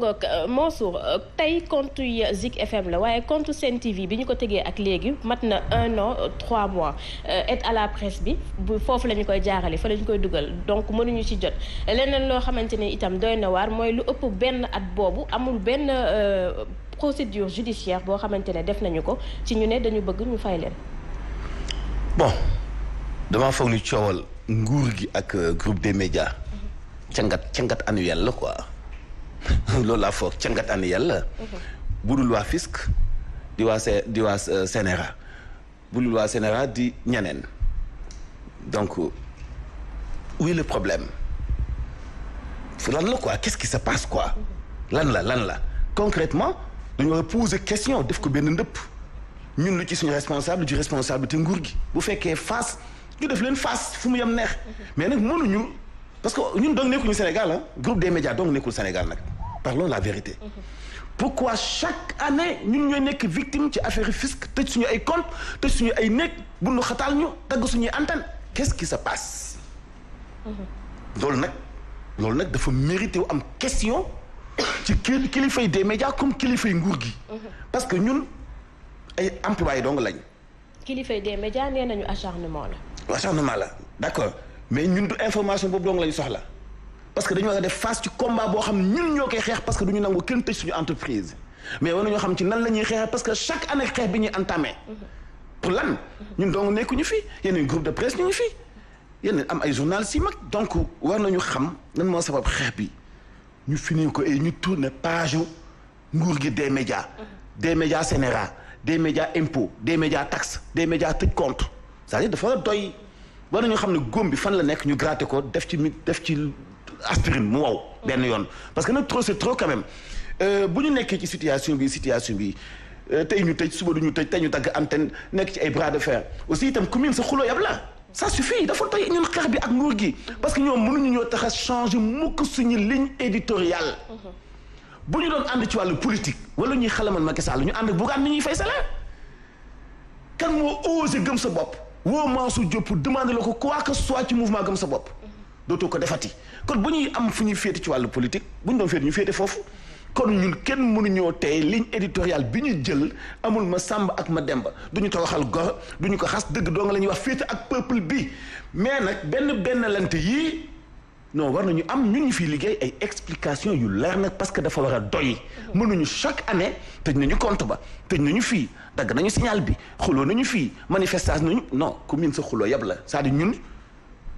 Donc, euh, Mansour euh, compte Zik FM la waye TV ko un an euh, trois mois être à la presse bi fofu koy jaaxalé fa koy donc mënuñu ci jot itam lu ëpp at amul Ben procédure judiciaire bo def nañu ko ci ñu dañu bon nguur gi ak groupe des médias. Mm-hmm. ci la quoi. Lola Fok, foog cangat an yàlla bu dul waa fisc di wa di wa euh, senera bu dul waa di ñeneen donc où est le problème lan la quoi qu'est-ce qui se passe quoi lan la lan la concrètement nous war a poser question def ko ben ndëpp ñun lu ci suñu responsable du responsable te nguur gi bu fekkee face ñu def leen face fu mu yam neex mais nag mënuñu parce que ñun donc nekkuñu Sénégal hein? groupe des médias donc nekkul Sénégal nak parlons de la vérité. Pourquoi chaque année, nous sommes victimes de l'affaire fisc, de l'affaire nous sommes l'affaire fisc, de l'affaire fisc, de l'affaire antenne Qu'est-ce qui se passe Nous il faut mériter une question sur ce qu'il fait des médias comme qu'il fait une gourgue. Parce que nous, nous sommes employés dans l'année. Qu'il fait des médias, nous acharnement. acharnements. acharnement, d'accord. Mais nous avons des informations pour nous parce que dañu war a def face ci combat boo xam ñun ñoo koy parce que du ñu nangu kenn tëj suñu entreprise mais war nañoo xam ci nan la ñuy parce que chaque année xeex bi ñuy entamé. pour lan ñun donc nekkuñu fi yeneen groupe de presse ñu ngi fi yeneen am ay journal si mag donc war nañu xam lan moo sabab xex bi ñu fini ko et ñu tourner page nguur gi des médias. des médias Sénéra des médias impôts des médias taxes des médias tëj compte c'est-à-dire dafa doy war nañu xam ne góom bi fan la nek ñu gratter ko def ci def ci aspirine mu waw benn yoon parce que nak trop c'est trop quand même euh buñu nekk ci situation bi situation bi euh, tay ñu tëj suba duñu ñu tëj tey ñu dagg antenne nekk ci ay bras de fer aussi itam commune sa xulo yab la ça suffit dafa tay ñun xeex bi ak nguur gi parce que ñoom mënuñu ñoo tax changer mukk suñu ligne éditoriale buñu doon and ci walu politique wala ñuy xalamal Macky Sall ñu and bu ni ñuy fay kan mo osé gëm sa bop wo mansu jop demander lako quoi que soit ci mouvement gëm sa bop doto ko defati kon buñuy am fuñuy fété ci walu politique buñ do fété ñu fété fofu kon ñun kenn mënuñoo tey ligne éditoriale bi ñu jël amul ma sàmb ak ma demba duñu toroxal gor duñu ko xass deug do nga lañu wax fété ak peuple bi mais nak benn benn lante yi non war nañu am ñun ñu fiy liggéey ay explication yu leer nak parce que dafa war a doy mënuñu chaque année tëj nañu compte ba tëj nañu fi dag nañu signal bi xulo nañu fi manifestation nañu non commune sa xulo yab la c'est-à-dire ñun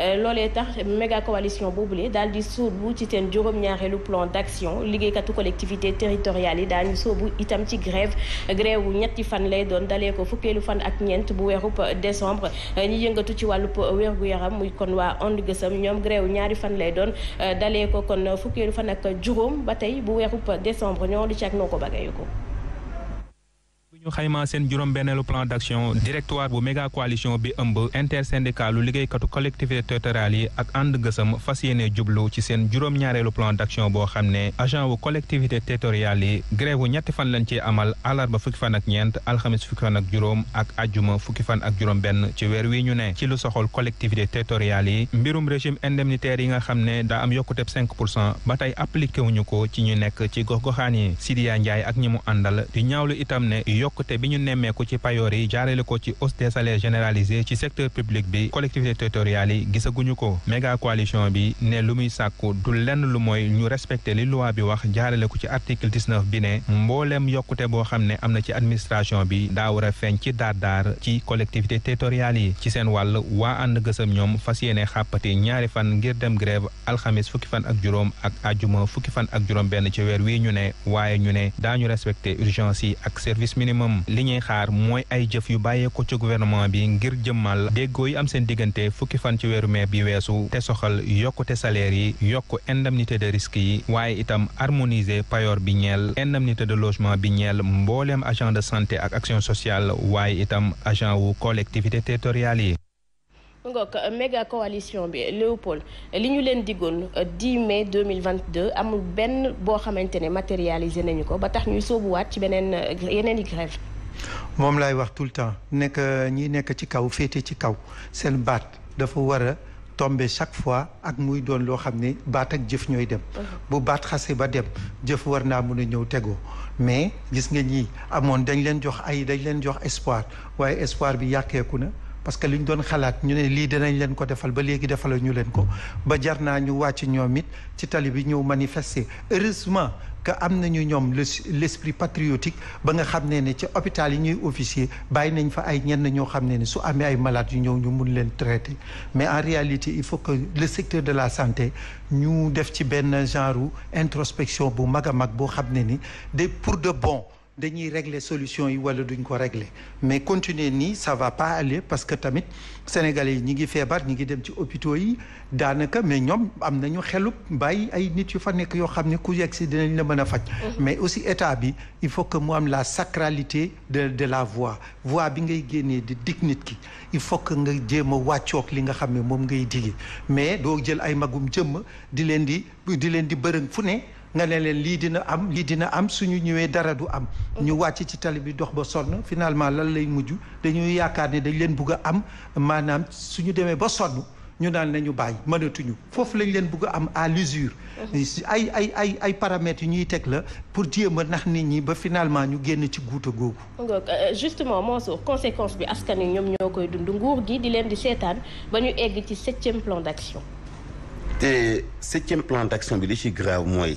Euh, lolé tax méga coalition boublé Daldi di soubou ci un plan d'action katou collectivité territoriale yi daañu itam ci grève grève wu fan lay doon dalé ko fan ak bu décembre euh, ñi yëngatu ci walu wér yaram muy grève fan lay doon euh, ko kon décembre ñu xayma seen juróom-benneelu plan d'action directoire bu méga coalition bi ëmb intersyndical lu liggéeykatu collectivité territoriale yi ak ànd gësëm fas yéene jublu ci seen juróom-ñaareelu plan d'action boo xam ne agent wu collectivité territoriale yi grève wu ñetti fan lañ ci amal àllarba fukki fan ak ñeent alxamis fukki fan ak juróom ak ajjuma fukki fan ak juróom benn ci weer wi ñu ne ci lu soxol collectivité territoriale yi mbirum régime indemnitaire yi nga xam ne daa am yokkuteb 5 pour cent ba tey appliqué wuñu ko ci ñu nekk ci gox goxaan yi Sidiya ak ñi mu àndal di ñaawlu itam ne yokk Côté bi ñu nemmeeku ci payoor yi jaarale ko ci hausse des salaires généralisés ci secteur public bi collectivité territoriale, yi gisaguñu ko méga coalition bi ne lu muy sàkku du lenn lu ñu respecter li loi bi wax jaarale ko ci article 19 bi ne mbooleem yokkute boo xam ci administration bi daa war a feeñ ci ci collectivité territoriale, yi ci seen wàll waa ànd gësëm ñoom fas yéene xàppati ñaari fan ngir dem grève alxamis fukki fan ak juróom ak ajuma fukki fan ak benn ci ñu ñu respecter urgence ak service minimum kanamam li ñuy xaar mooy ay jëf yu bàyyeeko ci gouvernement bi ngir jëmmal déggoo yi am seen diggante fukki fan ci weeru mai bi weesu te soxal yokkute salaire yi yokk indemnité de risque yi waaye itam harmoniser payoor bi ñeel indemnité de logement bi ñeel mbooleem agent de santé ak action sociale waaye itam agent wu collectivité territoriale yi ngook euh, méga coalition bi Léopold li ñu leen diggoon 10 euh, mai 2022 amul benn boo xamante ne matérialisé nañu ko ba tax ñuy sóobuwaat ci beneen euh, yeneen i grève moom lay wax tout le temps nekk ñi nekk ci kaw féete ci kaw seen baat dafa war a tombe chaque fois ak muy doon loo xam ne baat ak jëf ñooy dem mhm. bu baat xase ba dem jëf war naa mun a ñëw tegoo mais gis nga ñi amoon dañ leen jox ay dañ leen jox espoir waaye espoir bi yàqeeku na parce que li doon xalaat ñu ne lii dinañ leen ko defal ba léegi ñu leen ko ba jar ñu wàcc it ci tali bi manifester heureusement que patriotique ba nga ci hôpital yi officier fa malades ñu mais en réalité il faut que le secteur de la santé ñu def ci genre introspection bu mag pour de bon dañuy régler solution yi wala duñ ko régler mais continuer ni ça va pas aller parce que tamit sénégalais yi ñi ngi fébar ñi ngi dem ci hôpitaux yi danaka mais ñom am nañu xelub bàyyi ay nit yu fa nek yo xamné ku yex ci dinañ la mëna fajj mhm. mais aussi état bi il faut que mu am la sacralité de de la voix voix bi ngay génnee di dig nit ki il faut que nga jéem waccok li nga xam mom ngay digi mais do jël ay magum jëm di leen di di leen di bërëng fu nga ne leen lii dina am lii dina am suñu ñëwee dara du am. Mm. ñu wàcc ci tali bi dox ba sonn finalement lan lay mujj dañuy yaakaar ne dañ leen bugg a am maanaam suñu demee ba sonn. ñu naan nañu bàyyi mënatuñu foofu lañ leen bëgg a am à l'usure mm-hmm. ay ay ay ay paramètres yu ñuy teg la pour jéem a nax nit ñi ba finalement ñu génn ci guuta googu euh, justement Mansour conséquence bi askan yi ñoom ñoo koy dund nguur gi di leen di seetaan ba ñu egg ci septième plan d'action te septième plan d'action bi li ci grave mooy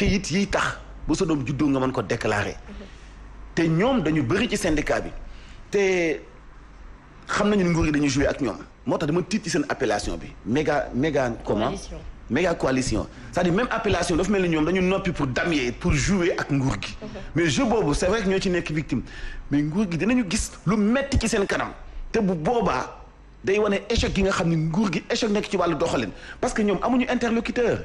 kayit yiy tax bu sa doom juddoo nga mën ko déclarer te ñoom dañu bëri ci syndicat bi te xam nañu nguur yi dañuy jouer ak ñoom moo tax dama tiit ci seen appellation bi méga méga comment méga coalition c'est-à-dire même appellation dafa mel ni ñoom dañu noppi pour damier pour jouer ak nguur gi mais jeu boobu c'est vrai que ñoo ci nekk victime mais nguur gi dinañu gis lu metti ci seen kanam te bu boobaa day wane échec gi nga xam ne nguur gi échec nekk ci wàllu doxalin parce que ñoom amuñu interlocuteur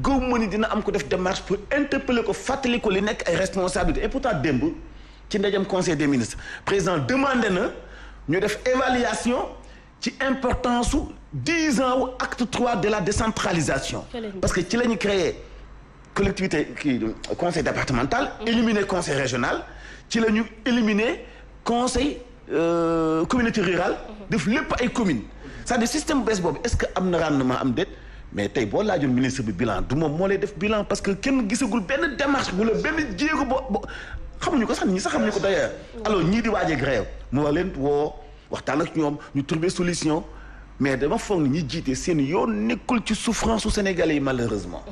Gouvernement dina am ko démarche pour interpeller ko responsables. ko li ay et pourtant demb ci ndajam conseil des ministres président demande na ñu def évaluation ci importance 10 ans acte 3 de la décentralisation. parce que ci lañu créer créé collectivité conseil départemental. Mmh. éliminer conseil régional. ci la éliminer conseil euh, communauté rurale. Mmh. def lepp ay communes. cest à système bees bob est-ce que am na rendement am dette mais tey boo laajoon ministre bi bilan du moom moo lay def bilan parce que kenn gisagul ben démarche wala ben jéego bo bo ko sax ni sax xamuñu ko d'ailleurs alors ñi di wajé grève mo wax wo waxtan ak ñom ñu trouver solution mais dama foog ni ñi jité sen yoon nekul ci souffrance au Sénégalais yi malheureusement